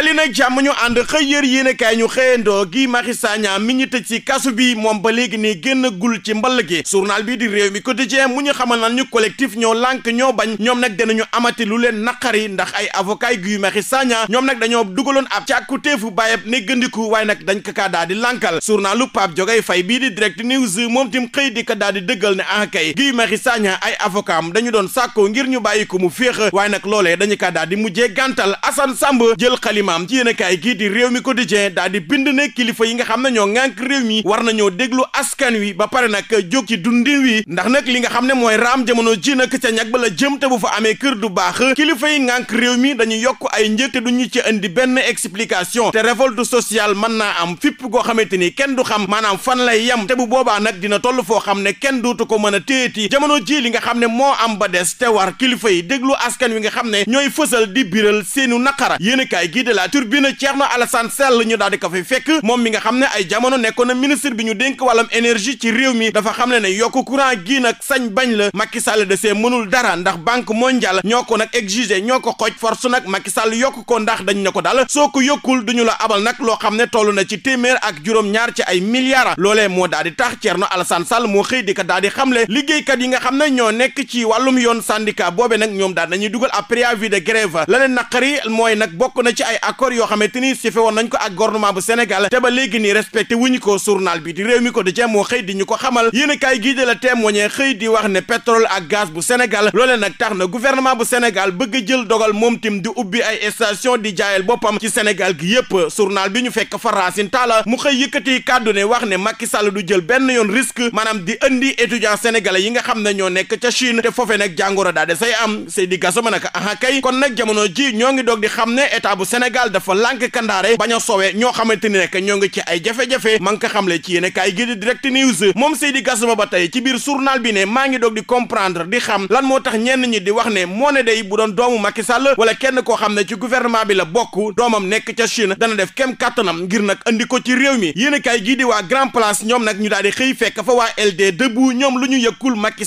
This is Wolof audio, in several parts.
dali nag jàmm ñu ànd xëy yër yéen kaay ñu xëyandoo gi Macky Sagna mi ñu tëj ci kasu bi moom ba léegi nii génn gul ci mball gi journal bii di réew mi quotidien mu ñu xamal naan ñu collectif ñoo lànk ñoo bañ ñoom nag danañu amati lu leen naqari ndax ay avocat yu Macky Sagna ñoom nag dañoo dugaloon ab càkkutéefu bàyyeb ne gëndiku waay nag dañ ko kaa daa di lànkal journalu Pape Jogay fay bii di direct news moom tim xëy di ko daa di dëggal ne ah kay Guy Marius Sagna ay avocat am dañu doon sàkkoo ngir ñu bàyyi ko mu féex waaye nag loolee dañu kaa daa di mujjee gàntal Assane Samb jël xalima imaam ci yéenekaay gii di réew mi quotidien daal di bind ne kilifa yi nga xam ne ñoo ŋànk réew mi war nañoo déglu askan wi ba pare nag jóg ci dundin wi ndax nag li nga xam ne mooy raam jamono ji nag ca ñag ba la jëm te bu fa amee kër du baax kilifa yi ŋànk réew mi dañu yokk ay njëg te duñu ci indi benn explication te révolte sociale mën naa am fipp goo xamante ni kenn du xam maanaam fan lay yem te bu boobaa nag dina toll foo xam ne kenn duutu ko mën a téyeti jamono ji li nga xam ne moo am ba des te kilifa yi déglu askan wi nga xam ne billah turbine Thierno Alassane Sall ñu daal di ko fay fekk moom mi nga xam ne ay jamono nekkoon na ministre bi ñu dénk wàllam énergie ci réew mi dafa xam ne ne yokk courant gi sañ bañ la Macky Sall de see mënul dara ndax banque mondiale ñoo ko nag exigé ñoo ko xooj force nag Macky Sall yokk ko ndax dañ ne ko daal soo ko yokkul duñu la abal nag loo xam ne toll na ci téeméer ak juróom-ñaar ci ay milliards loolee moo daal di tax Thierno Alassane Sall moo xëy di ko daal di xamle liggéeykat yi nga xam ne ñoo nekk ci wàllum yoon syndicat boobe nag ñoom daal dañuy dugal ab préavis de grève la leen naqari accord yoo xamante ni si fe woon ko ak gouvernement bu Sénégal te ba léegi nii respecté wuñu ko journal bi di réew mi ko di moo xëy di ñu ko xamal yéen a kaay gii de la témoigné xëy di wax ne pétrole ak gaz bu Sénégal loolee nag tax na gouvernement bu Sénégal bëgg jël dogal moom tim di ubbi ay station di jaayal boppam ci Sénégal gi yëpp journal bi ñu fekk fa Racine Talla mu xëy yëkkati kàddu ne wax ne Macky Sall du jël benn yoon risque maanaam di indi étudiant sénégalais yi nga xam ne ñoo nekk ca Chine te foofee nag jàngoro daal de say am Seydi Gassama nag aha kay kon nag jamono ji ñoo ngi doog xam ne état bu Sénégal Sénégal dafa lànk kandaare bañ a soowee ñoo xamante ni rek ñoo ngi ci ay jafe-jafe man ko xamle ci yéen kaay gi di direct news moom Seydi Gassama ba tey ci biir journal ñoom nag ñu daal di xëy fekk fa waa LD debout ñoom lu ñu yëkkul Macky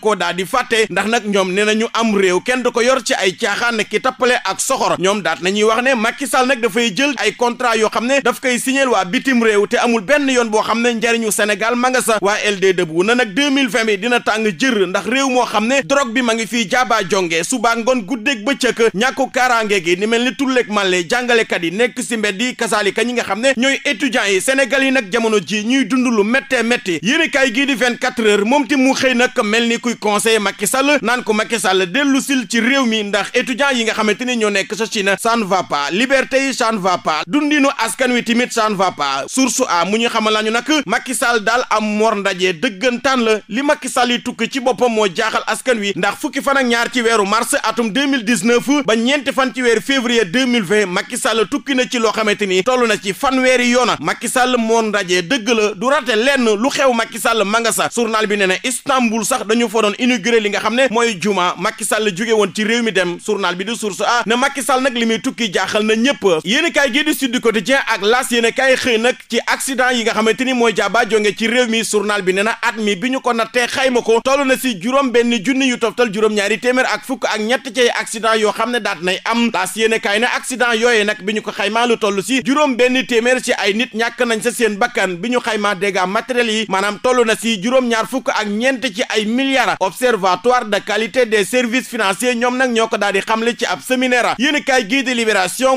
koo daal di fàtte ndax nag ñoom nee nañu am réew kenn du ko yor ci ay caaxaan ki tappale ak soxor ñoom daat nañuy wax ne Macky Sall nag dafay jël ay contrat yoo xam ne daf koy signéel waa bitim réew te amul benn yoon boo xam ne njariñu Sénégal ma nga sa waa LD Debout na nag 2020 bi dina tàng jër ndax réew moo xam ne drogue bi ma ngi fii jaaba jonge subaa ngoon guddeeg bëccëg ñàkku kaaraange gi ni mel ni tulleeg màlle jàngalekat yi nekk si mbedd yi kasaalika ñi nga xam ne ñooy étudiants yi Sénégal yi nag jamono ji ñuy dund lu méttee métti yéene kaay gii di 24 heures moom ti mu xëy nag mel ni kuy conseiller Macky Sall naan ko Macky Sall dellu sil ci réew mi ndax étudiants yi nga xamante ni ñoo nekk sa Chine ça ne liberté yi ça vapa va pas dundinu askan wi tamit ça ne va pas a mu ñu xamal lañu nag Macky Sall daal am moor ndaje dëggantaan la li Macky Sall yi tukki ci boppam moo jaaxal askan wi ndax fukki fan ak ñaar ci weeru mars atum 2019 ba ñeenti fan ci weeru février 2020 Macky Sall tukki na ci loo xamante ni toll na ci fanweeri yoona Macky Sall mor ndaje dëgg la du rate lenn lu xew Macky Sall ma nga sa bi nee na Istanbul sax dañu fa doon inauguré li nga xam ne mooy juma Macky Sall jóge woon ci réew mi dem journal bi di source a ne Sall nag li muy tukki jaaxal na ñëpp yéen kaay gii di Sud Quotidien ak L'As yéen kaay xëy nag ci accident yi nga xamante ni mooy jaaba jonge ci réew mi journal bi nee na at mi bi ñu ko nattee xayma ko toll na si juróom benn junni yu toftal juróom-ñaari téeméer ak fukk ak ñett ci accident yoo xam ne daat nay am L'As yéen kaay ne accident yooye nag bi ñu ko xaymaa lu toll si juróom benn téeméer ci ay nit ñàkk nañ sa seen bakkan bi ñu xaymaa dégâts matériels yi maanaam toll na si juróom-ñaar fukk ak ñeent ci ay milliards observatoire de qualité des services financiers ñoom nag ñoo ko daal di xamle ci ab séminaire yéen kaay gii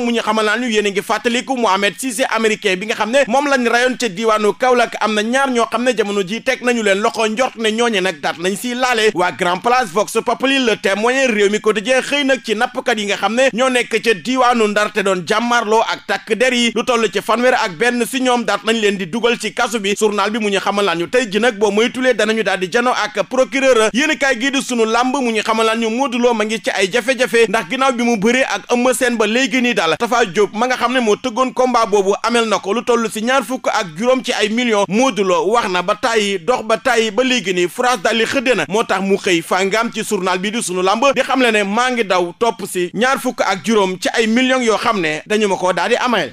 ginnaaw mu ñu xamal naa ñu yéen a ngi fàttaliku Mohamed Cissé américain bi nga xam ne moom lañ rayoon ca diiwaanu Kaolack am na ñaar ñoo xam ne jamono ji teg nañu leen loxo njort ne ñooñe nag daat nañ siy laale waa Grand Place Vox Populi Le Témoin réew mi quotidien xëy nag ci nappkat yi nga xam ne ñoo nekk ca diiwaanu Ndar te doon jàmmarloo ak takk der yi lu toll ci fanweer ak benn si ñoom daat nañ leen di dugal ci kasu bi journal bi mu ñu xamal naa ñu tey ji nag boo moytulee danañu daal di jano ak procureur yéen kaay gii di sunu làmb mu ñu xamal naa ñu Modou Lo ma mu bëree ak Eumeu Sène Sénégal Tafa Diop ma nga xam ne moo tëggoon combat boobu amel na ko lu toll si ñaar fukk ak juróom ci ay millions moo duloo wax na ba tàyyi dox ba tàyyi ba léegi nii France daal di xëdde na moo tax mu xëy fàngaam ci journal bi di sunu làmb di xam le ne maa ngi daw topp si ñaar fukk ak juróom ci ay millions yoo xam ne dañu ma ko daal di ameel